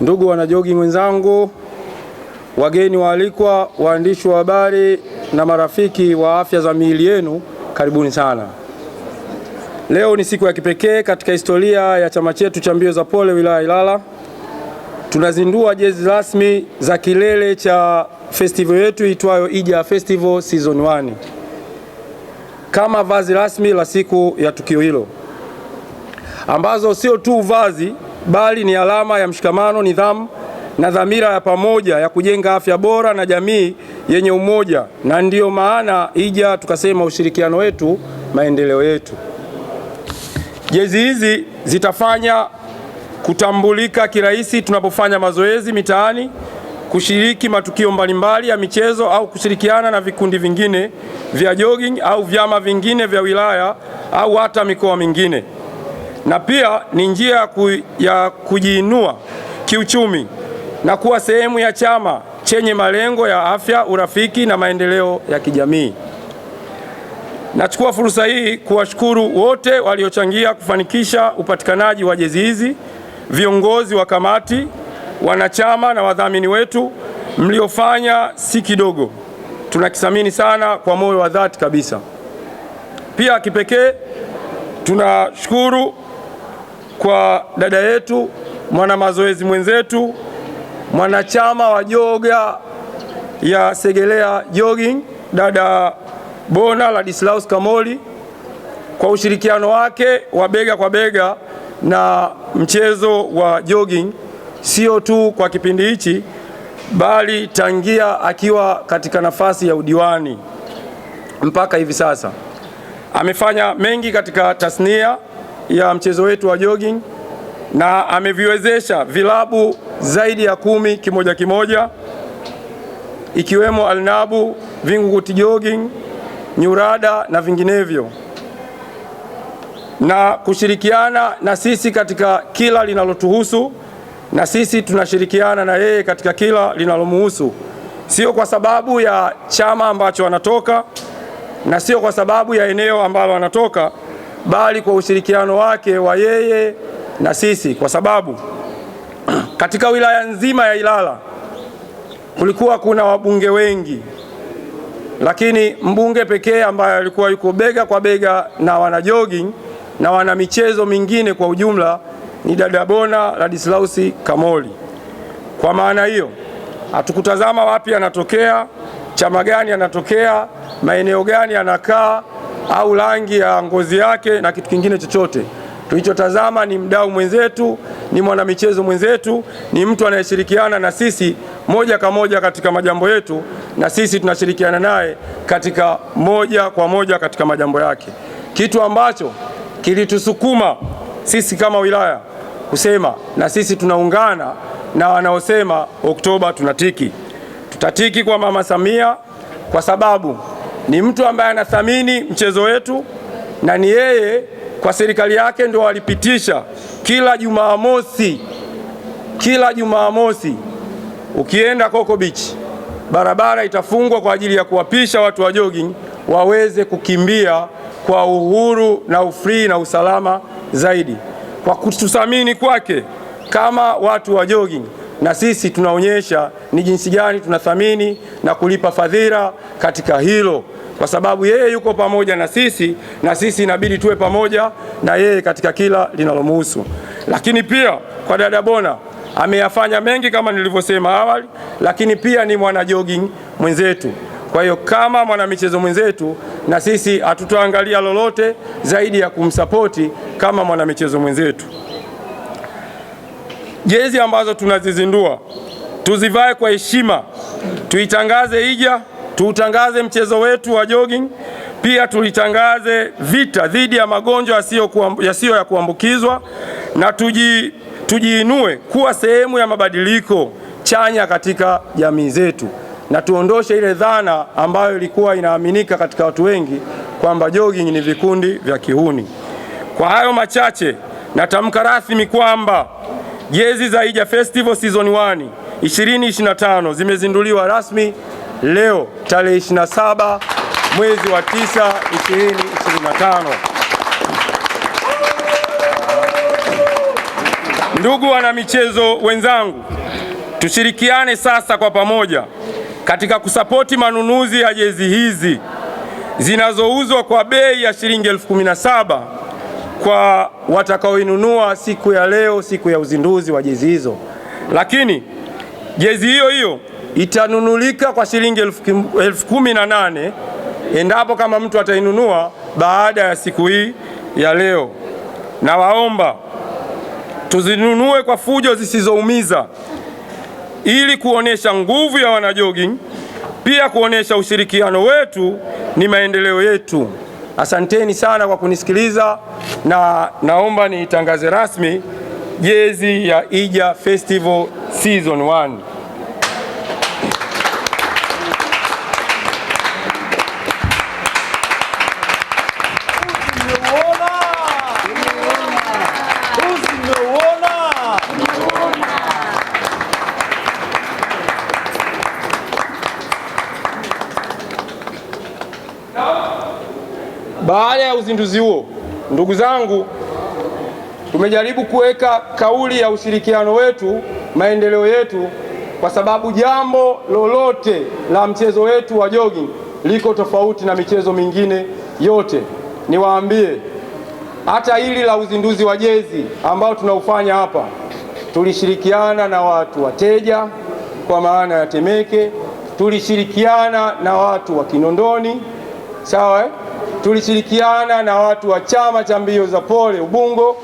Ndugu wanajogi wenzangu, wageni waalikwa, waandishi wa habari na marafiki wa afya za miili yenu, karibuni sana. Leo ni siku ya kipekee katika historia ya chama chetu cha mbio za pole wilaya Ilala. Tunazindua jezi rasmi za kilele cha festival yetu itwayo Ija Festival Season 1 kama vazi rasmi la siku ya tukio hilo, ambazo sio tu vazi bali ni alama ya mshikamano, nidhamu na dhamira ya pamoja ya kujenga afya bora na jamii yenye umoja, na ndiyo maana ija tukasema ushirikiano wetu, maendeleo yetu. Jezi hizi zitafanya kutambulika kirahisi tunapofanya mazoezi mitaani, kushiriki matukio mbalimbali ya michezo au kushirikiana na vikundi vingine vya jogging au vyama vingine vya wilaya au hata mikoa mingine na pia ni njia ya kujiinua kiuchumi na kuwa sehemu ya chama chenye malengo ya afya, urafiki na maendeleo ya kijamii. Nachukua fursa hii kuwashukuru wote waliochangia kufanikisha upatikanaji wa jezi hizi, viongozi wa kamati, wanachama na wadhamini wetu. Mliofanya si kidogo, tunakithamini sana kwa moyo wa dhati kabisa. Pia kipekee tunashukuru kwa dada yetu mwana mazoezi mwenzetu mwanachama wa joga ya Segelea Jogging dada Bona Ladislaus Kamoli kwa ushirikiano wake wa bega kwa bega na mchezo wa jogging, sio tu kwa kipindi hichi, bali tangia akiwa katika nafasi ya udiwani mpaka hivi sasa. Amefanya mengi katika tasnia ya mchezo wetu wa jogging na ameviwezesha vilabu zaidi ya kumi kimoja kimoja ikiwemo Alnabu, Vingunguti Jogging, Nyurada na vinginevyo na kushirikiana na sisi katika kila linalotuhusu, na sisi tunashirikiana na yeye katika kila linalomuhusu, sio kwa sababu ya chama ambacho anatoka na sio kwa sababu ya eneo ambalo anatoka bali kwa ushirikiano wake wa yeye na sisi, kwa sababu katika wilaya nzima ya Ilala kulikuwa kuna wabunge wengi, lakini mbunge pekee ambaye alikuwa yuko bega kwa bega na wana jogging na wana michezo mingine kwa ujumla ni dada Bona Ladislausi Kamoli. Kwa maana hiyo, hatukutazama wapi anatokea, chama gani anatokea, maeneo gani anakaa au rangi ya ngozi yake na kitu kingine chochote. Tulichotazama ni mdau mwenzetu, ni mwanamichezo mwenzetu, ni mtu anayeshirikiana na sisi moja kwa moja katika majambo yetu, na sisi tunashirikiana naye katika moja kwa moja katika majambo yake, kitu ambacho kilitusukuma sisi kama wilaya kusema na sisi tunaungana na wanaosema Oktoba tunatiki. Tutatiki kwa Mama Samia kwa sababu ni mtu ambaye anathamini mchezo wetu, na ni yeye kwa serikali yake ndio walipitisha kila Jumamosi, kila Jumamosi ukienda Coco Beach barabara itafungwa kwa ajili ya kuwapisha watu wa jogging waweze kukimbia kwa uhuru na ufrii na usalama zaidi. Kwa kututhamini kwake kama watu wa jogging na sisi tunaonyesha ni jinsi gani tunathamini na kulipa fadhila katika hilo, kwa sababu yeye yuko pamoja na sisi na sisi inabidi tuwe pamoja na yeye katika kila linalomuhusu. Lakini pia kwa dada Bona ameyafanya mengi kama nilivyosema awali, lakini pia ni mwana jogging mwenzetu. Kwa hiyo kama mwanamichezo mwenzetu, na sisi hatutaangalia lolote zaidi ya kumsapoti kama mwanamichezo mwenzetu. Jezi ambazo tunazizindua tuzivae kwa heshima, tuitangaze Ija, tuutangaze mchezo wetu wa jogging, pia tulitangaze vita dhidi ya magonjwa yasiyo ya kuambukizwa na tuji, tujiinue kuwa sehemu ya mabadiliko chanya katika jamii zetu na tuondoshe ile dhana ambayo ilikuwa inaaminika katika watu wengi kwamba jogging ni vikundi vya kihuni. Kwa hayo machache, natamka rasmi kwamba Jezi za Hija Festival Season 1 2025 zimezinduliwa rasmi leo tarehe 27 mwezi wa 9 2025. Ndugu wanamichezo wenzangu, tushirikiane sasa kwa pamoja katika kusapoti manunuzi ya jezi hizi zinazouzwa kwa bei ya shilingi elfu kumi na saba kwa watakaoinunua siku ya leo, siku ya uzinduzi wa jezi hizo. Lakini jezi hiyo hiyo itanunulika kwa shilingi elfu kumi na nane endapo kama mtu atainunua baada ya siku hii ya leo. Na waomba tuzinunue kwa fujo zisizoumiza, ili kuonesha nguvu ya wanajogging, pia kuonesha ushirikiano wetu ni maendeleo yetu. Asanteni sana kwa kunisikiliza na naomba niitangaze rasmi jezi ya Ija Festival Season 1. uzinduzi huo, ndugu zangu, tumejaribu kuweka kauli ya ushirikiano wetu, maendeleo yetu, kwa sababu jambo lolote la mchezo wetu wa jogging liko tofauti na michezo mingine yote. Niwaambie, hata hili la uzinduzi wa jezi ambao tunaufanya hapa, tulishirikiana na watu wateja kwa maana ya Temeke, tulishirikiana na watu wa Kinondoni, sawa eh? tulishirikiana na watu wa chama cha mbio za pole Ubungo,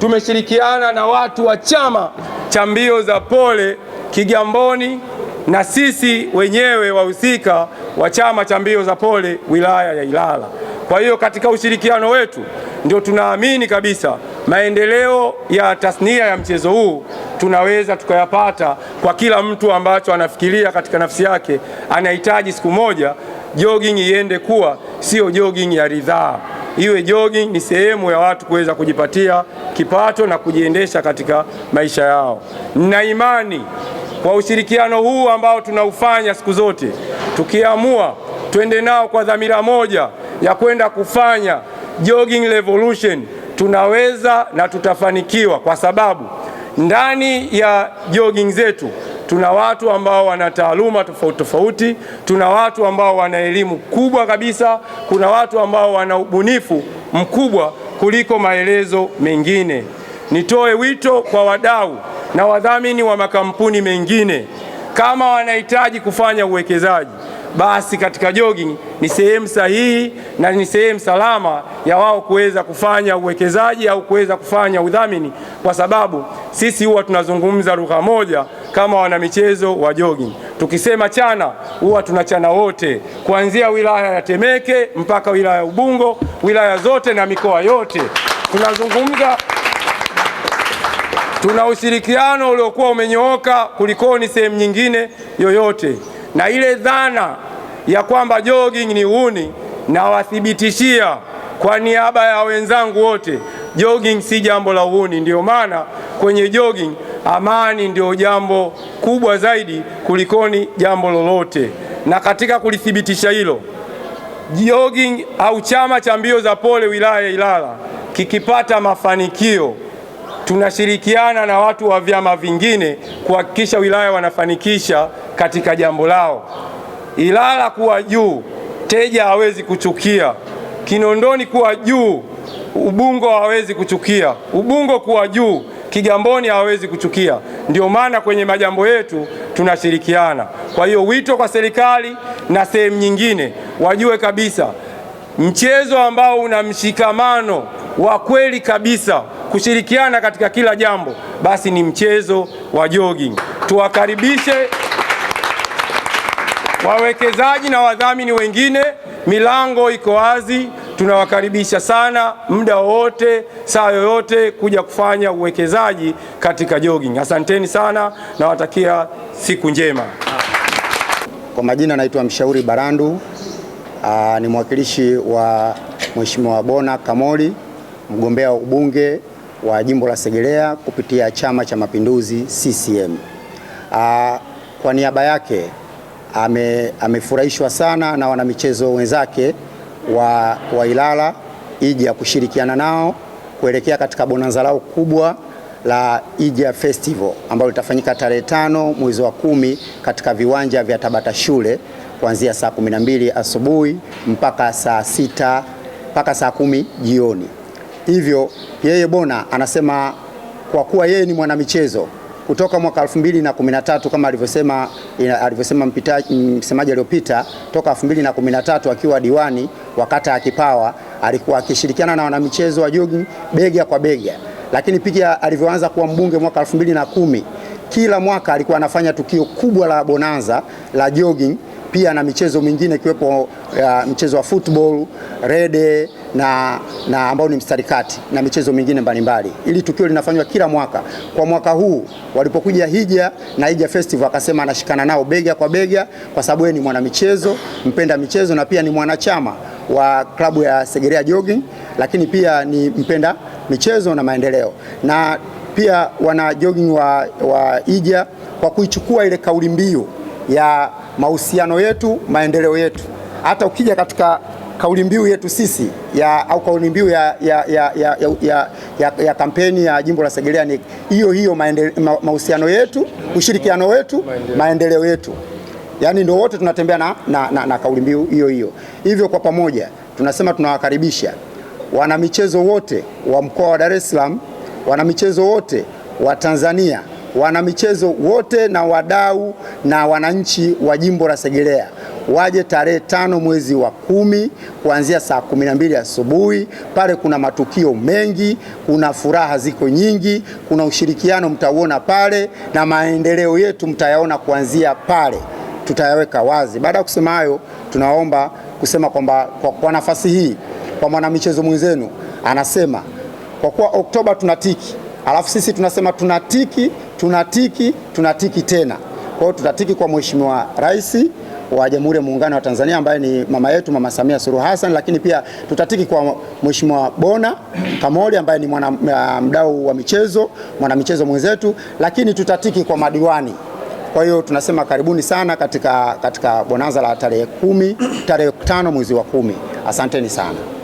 tumeshirikiana na watu wa chama cha mbio za pole Kigamboni na sisi wenyewe wahusika wa chama cha mbio za pole wilaya ya Ilala. Kwa hiyo katika ushirikiano wetu ndio tunaamini kabisa maendeleo ya tasnia ya mchezo huu tunaweza tukayapata kwa kila mtu ambacho anafikiria katika nafsi yake anahitaji siku moja jogging iende kuwa siyo jogging ya ridhaa. Iwe jogging ni sehemu ya watu kuweza kujipatia kipato na kujiendesha katika maisha yao, na imani kwa ushirikiano huu ambao tunaufanya siku zote, tukiamua twende nao kwa dhamira moja ya kwenda kufanya jogging revolution, tunaweza na tutafanikiwa, kwa sababu ndani ya jogging zetu Tuna watu ambao wana taaluma tofauti tofauti, tuna watu ambao wana elimu kubwa kabisa, kuna watu ambao wana ubunifu mkubwa kuliko maelezo mengine. Nitoe wito kwa wadau na wadhamini wa makampuni mengine, kama wanahitaji kufanya uwekezaji basi katika jogging ni sehemu sahihi na ni sehemu salama ya wao kuweza kufanya uwekezaji au kuweza kufanya udhamini, kwa sababu sisi huwa tunazungumza lugha moja kama wanamichezo wa jogging. Tukisema chana, huwa tunachana wote, kuanzia wilaya ya Temeke mpaka wilaya ya Ubungo, wilaya zote na mikoa yote tunazungumza tuna ushirikiano uliokuwa umenyooka kulikoni ni sehemu nyingine yoyote na ile dhana ya kwamba jogging ni uhuni, nawathibitishia kwa niaba ya wenzangu wote, jogging si jambo la uhuni. Ndiyo maana kwenye jogging amani ndio jambo kubwa zaidi kulikoni jambo lolote. Na katika kulithibitisha hilo, jogging au chama cha mbio za pole wilaya ya Ilala kikipata mafanikio tunashirikiana na watu wa vyama vingine kuhakikisha wilaya wanafanikisha katika jambo lao. Ilala kuwa juu, Teja hawezi kuchukia. Kinondoni kuwa juu, Ubungo hawezi kuchukia. Ubungo kuwa juu, Kigamboni hawezi kuchukia. Ndio maana kwenye majambo yetu tunashirikiana. Kwa hiyo wito kwa serikali na sehemu nyingine wajue kabisa mchezo ambao una mshikamano wa kweli kabisa kushirikiana katika kila jambo, basi ni mchezo wa jogging. Tuwakaribishe wawekezaji na wadhamini wengine, milango iko wazi. Tunawakaribisha sana muda wowote, saa yoyote, kuja kufanya uwekezaji katika jogging. Asanteni sana, nawatakia siku njema. Kwa majina naitwa Mshauri Barandu. Aa, ni mwakilishi wa Mheshimiwa Bona Kamoli, mgombea wa ubunge wa jimbo la Segerea kupitia Chama cha Mapinduzi CCM. Aa, ah, kwa niaba yake ame, amefurahishwa sana na wanamichezo wenzake wa, wa Ilala Ija kushirikiana nao kuelekea katika bonanza lao kubwa la Ija Festival ambalo litafanyika tarehe tano mwezi wa kumi katika viwanja vya Tabata shule kuanzia saa 12 asubuhi mpaka saa sita mpaka saa kumi jioni. Hivyo yeye Bona anasema kwa kuwa yeye ni mwanamichezo kutoka mwaka 2013 kama alivyosema alivyosema mpitaji msemaji aliyopita, toka 2013 akiwa diwani wa kata ya Kipawa alikuwa akishirikiana na wanamichezo wa jogging bega kwa bega, lakini pia alivyoanza kuwa mbunge mwaka 2010 kila mwaka alikuwa anafanya tukio kubwa la bonanza la jogging pia na michezo mingine ikiwepo uh, mchezo wa football, rede na, na ambao ni mstarikati na michezo mingine mbalimbali. Ili tukio linafanywa kila mwaka. Kwa mwaka huu walipokuja Hija na Hija Festival akasema anashikana nao bega kwa bega kwa sababu yeye ni mwanamichezo, mpenda michezo na pia ni mwanachama wa klabu ya Segerea Jogging, lakini pia ni mpenda michezo na maendeleo na pia wana jogging wa, wa Hija kwa kuichukua ile kauli mbiu ya mahusiano yetu, maendeleo yetu. Hata ukija katika kauli mbiu yetu sisi ya, au kauli mbiu ya, ya, ya, ya, ya, ya, ya kampeni ya jimbo la Segerea ni hiyo hiyo, mahusiano yetu, ushirikiano wetu, maendeleo yetu. Yaani ndio wote tunatembea na, na, na, na kauli mbiu hiyo hiyo. Hivyo kwa pamoja tunasema tunawakaribisha wanamichezo wote wa mkoa wa Dar es Salaam, wanamichezo wote wa Tanzania wanamichezo wote na wadau na wananchi wa jimbo la Segerea waje tarehe tano mwezi wa kumi kuanzia saa kumi na mbili asubuhi. Pale kuna matukio mengi, kuna furaha ziko nyingi, kuna ushirikiano mtauona pale, na maendeleo yetu mtayaona kuanzia pale, tutayaweka wazi. Baada ya kusema hayo, tunaomba kusema kwamba kwa, kwa nafasi hii kwa mwanamichezo mwenzenu anasema kwa kuwa Oktoba tunatiki, alafu sisi tunasema tunatiki tunatiki, tunatiki tena. Kwa hiyo tutatiki kwa Mheshimiwa Rais wa Jamhuri ya Muungano wa Tanzania ambaye ni mama yetu Mama Samia Suluhu Hassan, lakini pia tutatiki kwa Mheshimiwa Bona Kamoli ambaye ni mwana uh, mdau wa michezo, mwana michezo mwenzetu, lakini tutatiki kwa madiwani. Kwa hiyo tunasema karibuni sana katika, katika bonanza la tarehe kumi, tarehe tano mwezi wa kumi. Asanteni sana.